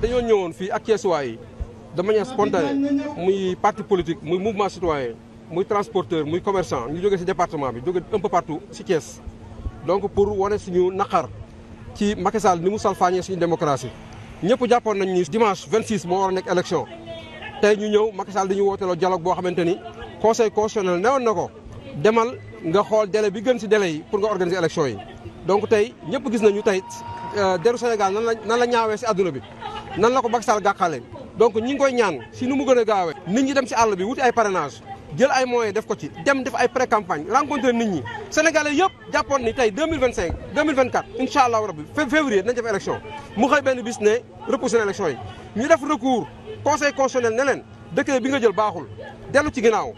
dañoo ñëwoon fii ak keesuwaay yi de manière spontanée muy parti politique muy mouvement citoyen muy transporteur muy commerçant ñu jógee si département bi jóge un peu partout si Thiès donc pour wane suñu naqar ci Macky Sall ni mu salfaañee suñu démocratie ñëpp jàppoon nañ ni dimanche 26 moo war a nekk élection tey ñu ñëw Macky Sall dañu wooteloo dialogue boo xamante ni conseil constitutionnel newoon na ko demal nga xool délai bi gën si délai yi pour nga organiser élection yi donc tey ñëpp gis nañu tey euh, deru Sénégal nan la nan la ñaawee si àdduna bi nan la ko Macky Sall gàqaale donc ñi ngi koy ñaan si nu mu gën a gaawee nit ñi dem si àll bi wuti ay parrainage jël ay moyens def ko ci dem def ay pré campagne rencontré nit ñi sénégalais yëpp jàppoon ni tey 2025 2024 incha allahu rabbi février nañ def élection mu xëy benn bis ne repoussé na élection yi ñu def recours conseil constitutionnel ne leen décret bi nga jël baaxul dellu ci ginnaaw